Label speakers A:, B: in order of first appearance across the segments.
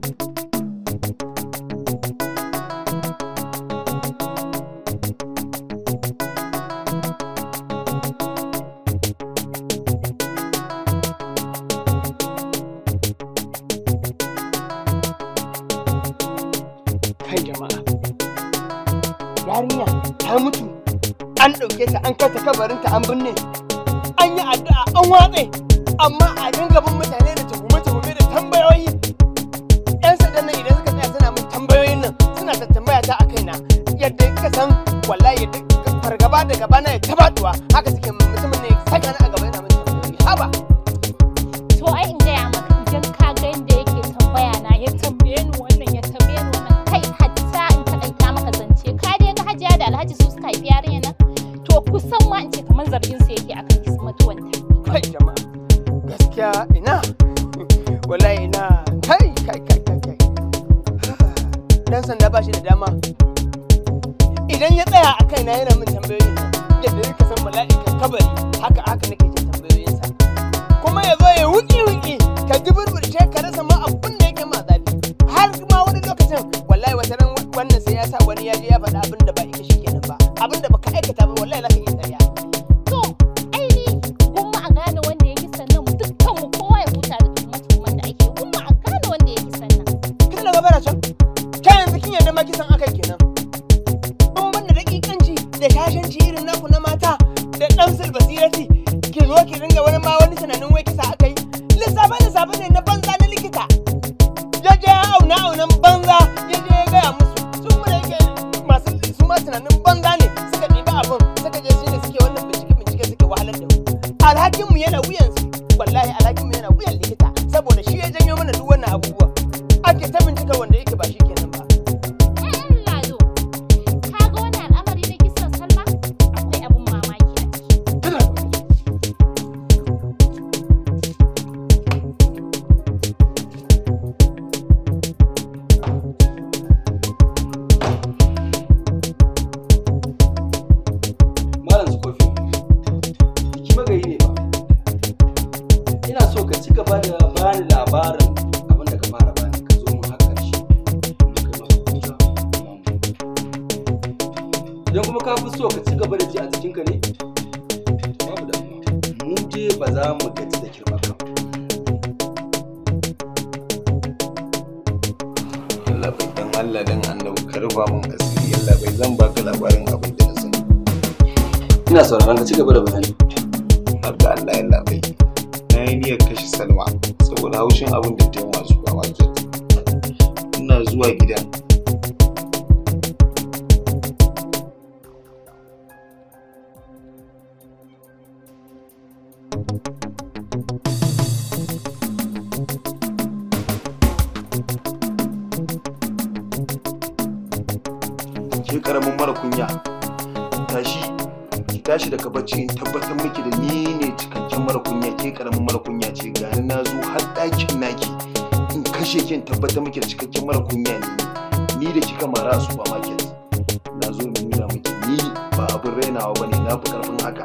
A: kai jama'a yarinya ta mutu an ɗauke ta an kai ta kabarinta an binne an yi addu'a an watse amma a dinga bin mutane faɗi daga bana ya ta haka suke da muke dinga wani ma wani tunanin wai
B: yalla bai dan Allah dan annabi ka rufa mun asiri yalla bai zan baka labarin abin da na sani ina sauraron ka ci gaba da bayani har da Allah yalla bai na yi niyyar kashe Salma saboda haushin abin da ta yi masu ba ina zuwa gidan ke karamin mara kunya tashi ki tashi daga bacci in tabbatar miki da ni ne cikakken mara kunya ke karamin mara kunya ce gani na zo har ɗakin naki in kashe ki in tabbatar miki da cikakken mara kunya ne ni da kika mara a supermarket na zo in nuna miki ni ba abin rainawa ba ne na fi karfin haka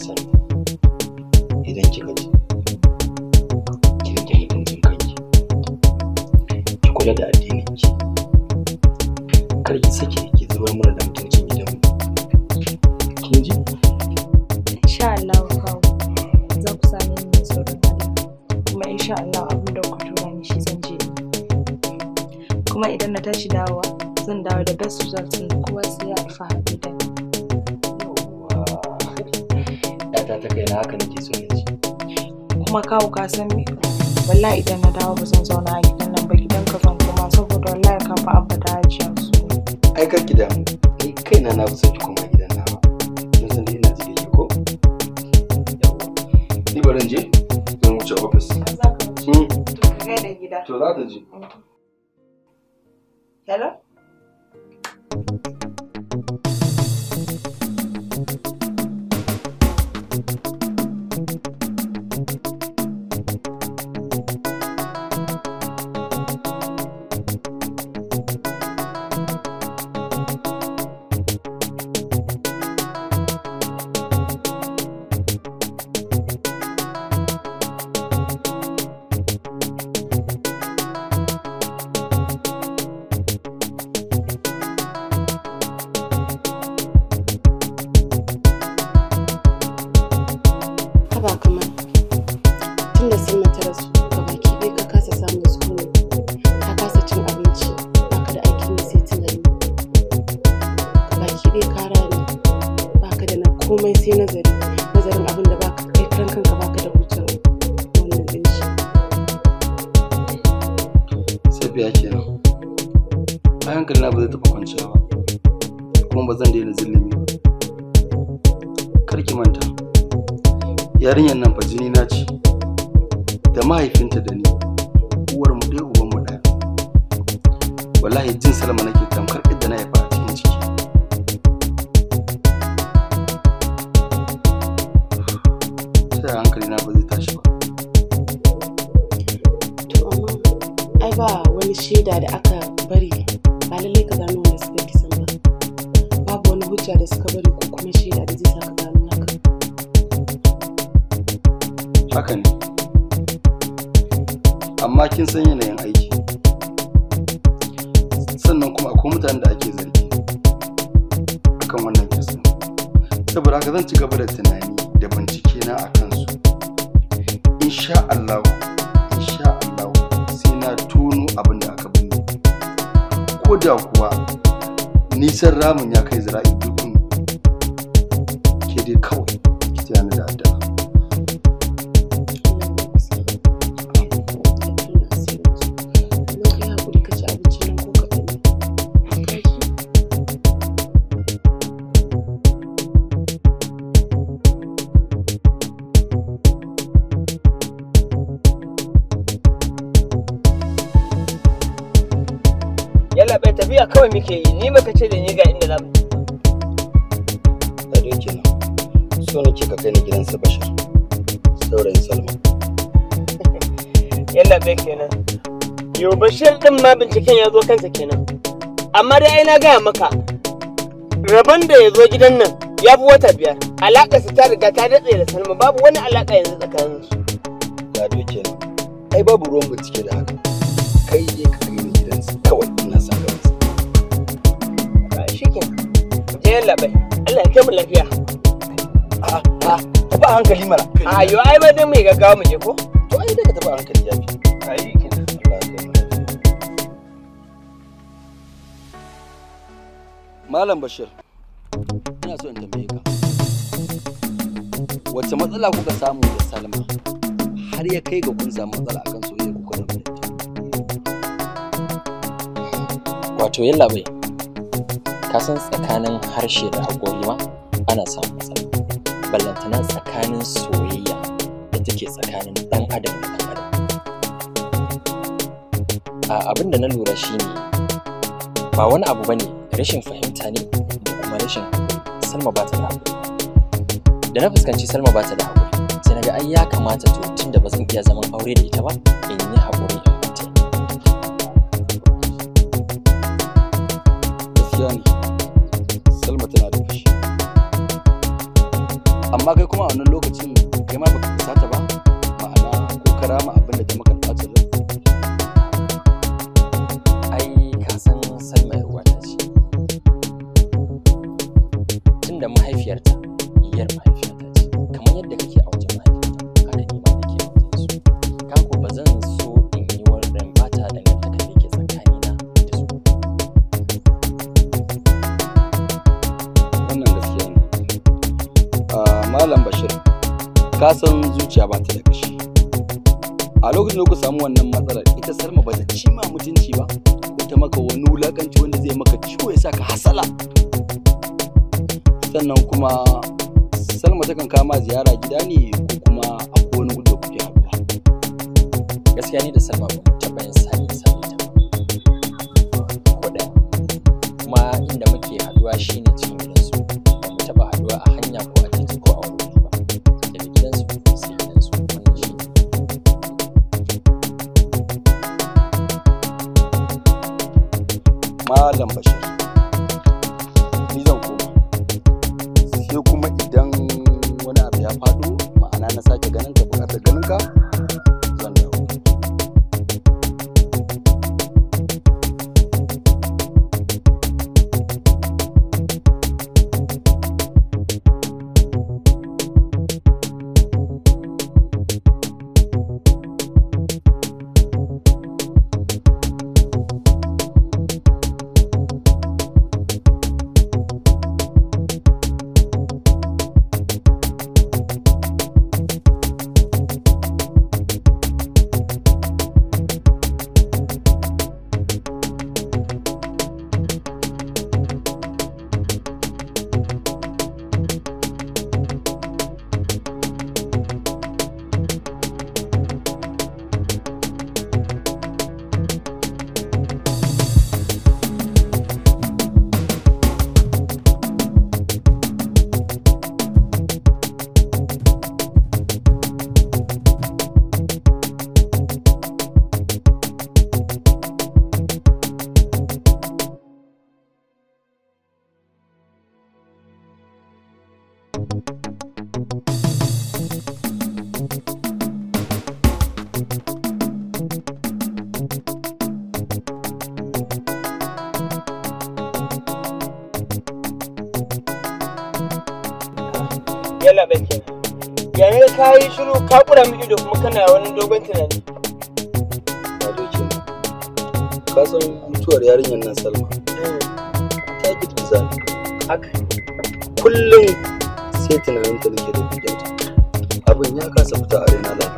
B: episode.
A: kawo ka san me wallahi idan na dawo ba zan zauna a gidan nan ba gidan ka zan kuma saboda wallahi ka fa abba da hajiya su
B: ai ka gidan da ni kaina na fi ki koma gidan na ba na san dai na ji da ko ni barin je zan wuce office hmm. to za ta ji hello
A: komai sai nazari nazarin abin da baka kai kan kanka ka da hujjar
B: wannan din shi sabiya kenan a na ba zai taɓa kwanciya ba kuma ba zan daina zulumi kar ki manta yarinyar nan fa jini na ce da mahaifinta da ni
A: hujja da aka bari ba lallai ka gano wanda suka yi kisan ba babu wani hujja da suka bari ko kuma shaida da zai sa ka gano haka
B: haka ne amma kin san yanayin aiki sannan kuma akwai mutanen da ake zargi akan wannan kisan saboda haka zan ci gaba da tunani da bincike na akan su insha Allah hujja kuwa nisan ramin ya kai zira'i dukkan ke dai kawai
A: tafiya kawai muke yi ni maka ce da ni ga inda za mu da doki na
B: so nake ka kai ni gidan su bashir saurayin salma
A: yalla bai kenan yo bashir din ma binciken ya zo kansa kenan amma dai ai na gaya maka rabon da ya zo gidan nan ya fi wata biyar alaƙa su ta riga ta datse da salma babu wani alaƙa yanzu tsakaninsu
B: ga doki na ai babu ruwan bincike da haka lafiya
A: a'a ah, ah, hankali a ai ba mai gaggawa mu je ko to ai
B: hankali ya fi Malam Bashir ina so in tambaye ka wace matsala kuka samu da Salma har ya kai ga kun samu matsala akan soyayya kuka da wato yalla bai ka san tsakanin harshe da haƙori ma ana samun matsala ballantana tsakanin soyayya da take tsakanin ɗan adam da ɗan adam a abin da na lura shine ba wani abu bane rashin fahimta ne da kuma rashin salma ba ta da haƙuri da na fuskanci salma ba ta da haƙuri sai na ga ai ya kamata to tun da ba zan iya zaman aure da ita ba in amma kai kuma a wannan lokacin kai ma baka fusata ba ma'ana ko ka rama abin da ta maka ɓacin rai ai ka san salma ta ce tunda mahaifiyarta iyar ka san zuciya ba ta da kashi a lokacin da ku samu wannan matsalar ita salma ba ta ci ma mutunci ba ta maka wani wulakanci wanda zai maka ciwo ya ka hasala sannan kuma salma takan kama ziyara gida ne ko kuma a wani gudu da kuke haɗuwa gaskiya ne da salma ba ta bayan sani sani ta kuma inda muke haɗuwa shine cikin Malam Bashir. yalla kayi kenan yayin ka yi shiru ka kura mu ido kuma kana wani dogon tunani wato ke ka san mutuwar yarinyar nan salma hmm. ta yi ni haka kullum sai tunanin ta nake da bidiyar abin ya kasa fita a raina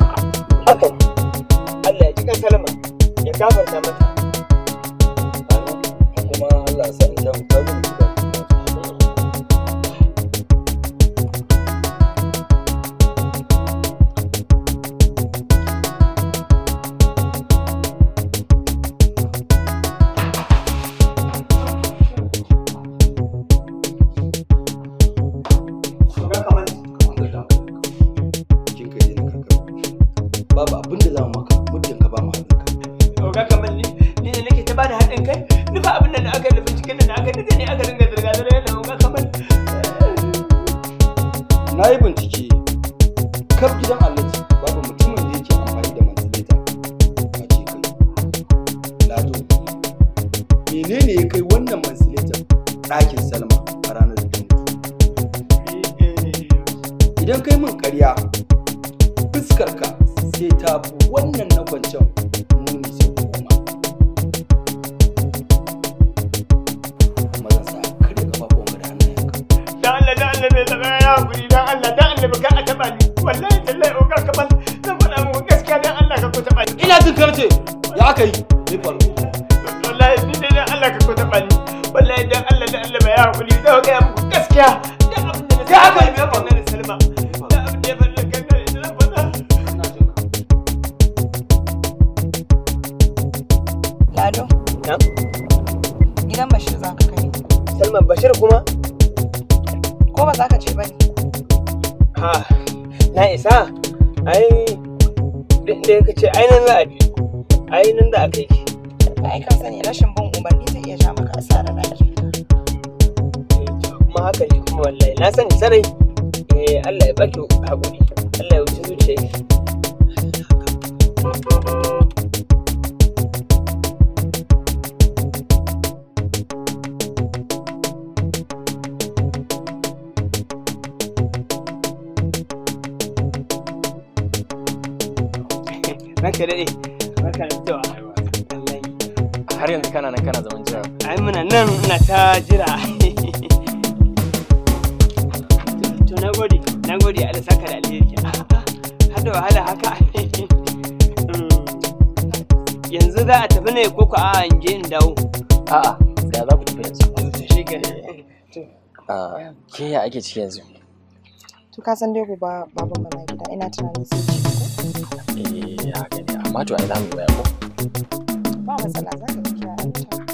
B: ne ya kai wannan mansiletar ɗakin salma
A: abin da gaskiya ya aka yi biya salma da ya faru da da Lado. Bashir za kai. Bashir kuma? Ko ba za ka ce ba ne? isa? da ce ainihin za a Ainihin da aka yi. Ai, kan ne rashin bin umarni zai iya sha maka asarar rayuwa. kuma haka ne kuma wallahi na sani sarai eh Allah ya baki hakuri Allah ya wuce har yanzu kana nan kana zaman jira ai muna nan ta jira na gode na gode ala saka da alheri har da wahala haka yanzu za a tafi ne ko a in je in dawo a'a
B: da za ku tafi yanzu shi ke ya ake ciki yanzu
A: to ka san dai gobe baban mana gida ina tunanin sai ci
B: ko eh
A: haka ne amma to ai za mu ko ba matsala za ka